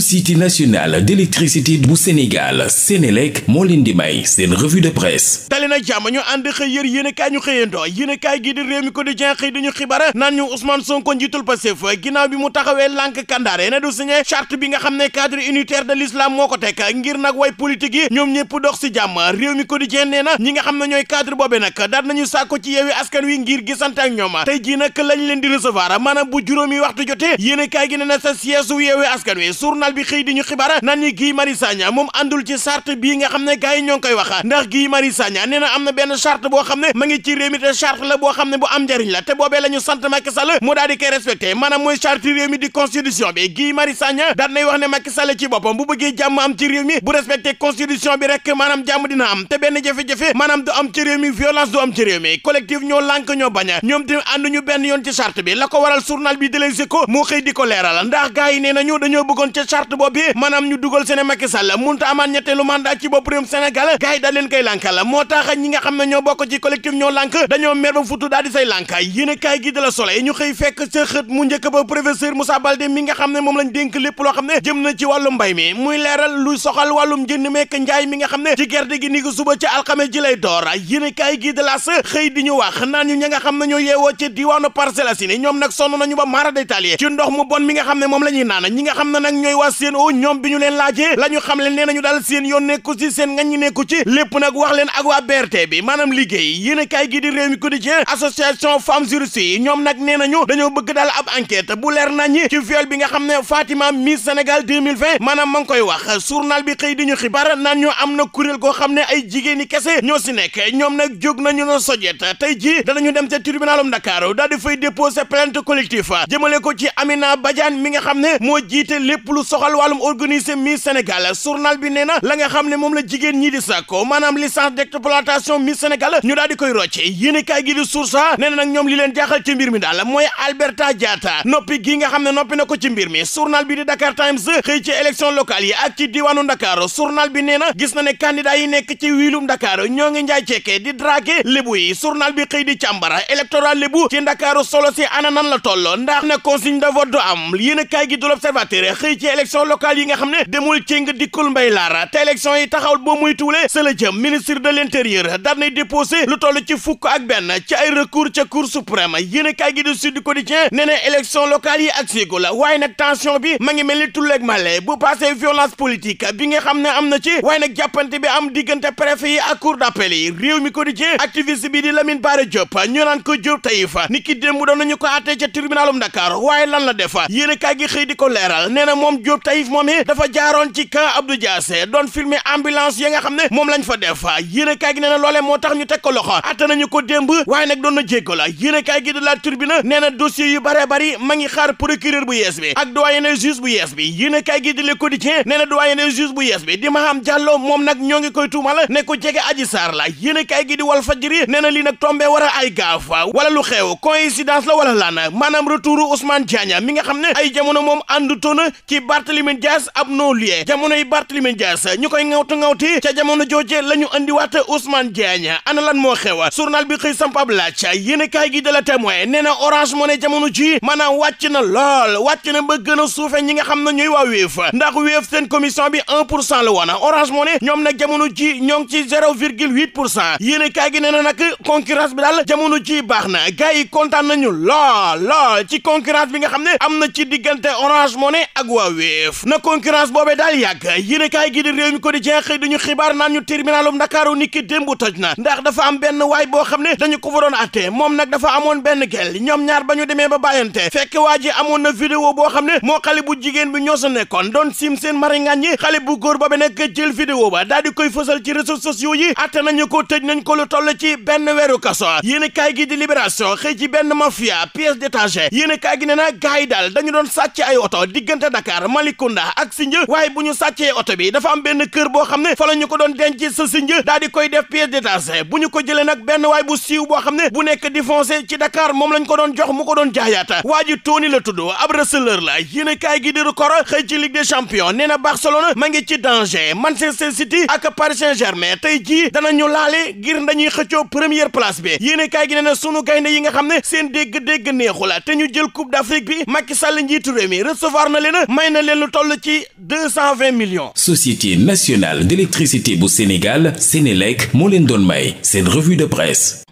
société nationale d'électricité bu Sénégal Sénélec moo leen di may seen revue de presse tali jàmm ñu ànd xëy yër yéen ñu xëyandoo yéen gi di réew mi quotidien xëy dañu xibaar naan ñu Ousmane Sonko njiitul Pastef ginnaaw bi mu taxawee lànk kandaare ne du signé charte bi nga xam ne cadre unitaire de l'islam moo ko teg ngir nag way politique yi ñoom ñëpp dox si jàmm réew mi quotidien nee na ñi nga xam ne ñooy cadre boobe nag daan journal bi xëy di ñu xibaar naan ñi Guy Marius Sagna moom àndul ci charte bii nga xam ne gars yi ñoo ngi koy wax ndax Guy Marius Sagna nee na am na benn charte boo xam ne ma ngi ci réew mi te charte la boo xam ne bu am njariñ la te boobee la ñu sant Macky Sall mu daal di koy respecté mooy charte réew mi di constitution bi Guy Marius jàmm dina am te benn jafe-jafe maanaam du am ci réew mi violence du am ci réew mi collectif ñoo lànk ñoo baña ñoom tamit ànduñu benn yoon ci charte la ko waral journal bi di charte boobu bi maanaam ñu dugal seen Macky Sall munta amaat ñetteelu mandat ci bopp réewum Sénégal gars yi daal leen koy lànkal moo tax ñi nga xam ne ñoo bokk ci collectif ñoo lànk dañoo mer ba futu daal di say lànk yéen kaay ñu xëy fekk sa mu njëkk ba professeur Moussa Baldé mi nga xam ne moom lañ dénk lépp loo xam ne jëm na ci wàllum mbay mi muy leeral luy soxal wàllum jënd mekk njaay mi nga xam ne ci gerte gi ni ko suba ci alxames ji lay door yéen kaay gi de la sa xëy di ñu wax nga xam ne ñoo yeewoo ci diwaanu Parcelles Assainies ñoom nag sonn nañu ba maara day taali ci ne moom la ñuy naan ñi nga xam ne nag ñooy koy waa CNO ñoom bi ñu leen laajee la ñu xam leen nee nañu daal seen yoon nekku ci seen ngañ ñi nekku ci lépp nag wax leen ak waa BRT bi maanaam liggéey yéen a kaay gi di réew mi quotidien association femmes juristes yi ñoom nag nee nañu dañoo bëgg daal ab enquête bu leer naññi ci viol bi nga xam ne Fatima Miss Sénégal 2020 maanaam ma ngi koy wax journal bi xëy di ñu xibaar naan ñu am na kuréel koo xam ne ay jigéen ñi kese ñoo si nekk ñoom nag jóg nañu na sojet tey jii danañu dem ca tribunalum Dakar daal di fay déposer plainte collectif jëmale ko ci Amina Badiane mi nga xam ne moo jiite lépp soxal wàllum organiser Miss Sénégal journal bi nee na la nga xam ne moom la jigéen ñi di sàkko maanaam licence d'exploitation Miss Sénégal ñu daal di koy rocce yéen i kaay gi di source nee na nag ñoom li leen jaaxal ci mbir mi daal mooy Alberta Diatta noppi gi nga xam ne noppi na ko ci mbir mi journal bi di Dakar Times xëy ci élection locale yi ak ci diwaanu Dakar journal bi nee na gis na ne candidat yi nekk ci wiilum Dakar ñoo ngi njaay ceekee di draguer lébu yi journal bi xëy di càmbara électoral lébu ci Dakar solo si ana nan la toll ndax na consigne de am yéen i kaay gi di l'Observateur xëy élection locale yi nga xam ne demul ci nga dikkul mbay laara te élection yi taxawul boo muy tuule sa la jëm ministre de l'intérieur daan nay déposé lu toll ci fukk ak benn ci ay recours ca cour suprême yéen a kaay gi du Sud Quotidien nee na élection locale yi ak séegu la waaye nag tension bi ma ngi mel ni tulleeg male bu passé violence politique bi nga xam ne am na ci waaye nag jàppante bi am diggante préfet yi ak cour d'appel yi réew mi bi di Lamine Bara Diop ñu naan ko a kaay gi xëy di ko leeral nee Diop Taïf moom i dafa jaaroon ci camp Abdou Diassé doon filmer ambulance yi nga xam ne moom lañ fa def yéene kaay gi nee na loolee moo tax ñu teg ko loxo atte nañu ko démb waaye nag doon na jéggo la yéene kaay gi de la Tribune nee na dossier yu bare bari ma xaar procureur bu yees bi ak doyen des juges bu yees bi yéene kaay gi di Le Quotidien nee na doyen des juges bu yees bi di Maham Diallo moom nag ñoo ngi koy tuumal ne ko jege Adji Sarr la yéene kaay gi di Walf Fadjri nee na lii nag a ay gaaf wala lu moom Barthélémy Dias ab non-lieu jamonoy Barthélémy Dias ñu koy ŋawtu ŋawti ca jamono jooje la ñu andiwaat Ousmane Diagne ana lan moo xewa journal bi xëy sampab laaj yéen kaay gi de la témoin nee na Orange Money ji maanaam wàcc na lool wàcc na ba gën a ñi nga xam na ñooy waa Wave ndax Wave seen commission bi un pour cent la woon Orange Money ñoom nag jamono ji ñoo ci zéro virgule huit pour cent na nag concurrence bi daal jamono ji baax na gars kontaan nañu lool bi nga xam ne am na ci diggante Orange Money ak Pastef na concurrence boobe daal yàgg yéenekaay gi di réew mi ko di jeexee dañu xibaar naan ñu terminalum Ndakaaru niki démb toj na ndax dafa am benn waay boo xam ne dañu ko fa moom nag dafa amoon benn gel ñoom ñaar ba ñu demee ba bàyyante fekk waa ji amoon na vidéo boo xam ne moo xale bu jigéen bi ñoo sa nekkoon doon sim seen maringaan yi xale bu góor ba bi nekk jël ba daal di koy fësal ci réseaux sociaux yi atte nañu ko tëj nañ ko lu toll ci benn weeru kaso yéenekaay gi di libération xëy ci benn mafia pièce détachée yéenekaay gi ne na gaay daal dañu doon sàcc ay oto diggante Dakar Malicounda ak Sindia waaye bu ñu sàccee oto bi dafa am benn kër boo xam ne fa la ñu ko doon denc sa Sindia daal di koy def pièce détachée bu ñu ko jëlee nag benn waay bu siiw boo xam ne bu nekk di foncé ci Dakar moom lañ ko doon jox mu ko doon jaayaata waa ji Tony la tudd ab receleur la yéen a kaay gi di record xëy ci Ligue des champions nee na Barcelone ma ngi ci danger Manchester City ak Paris Saint-Germain tey jii danañu laale ngir dañuy xëccoo première place bi yéen a gi nee na sunu gaynde yi nga xam ne seen dégg-dégg neexu te ñu jël coupe d'Afrique bi Macky Sall njiitu réew mi recevoir na leen may na leen lu toll ci deux cent vingt millions. société nationale d'électricité bu Sénégal Sénélec moo leen doon may seen revue de presse.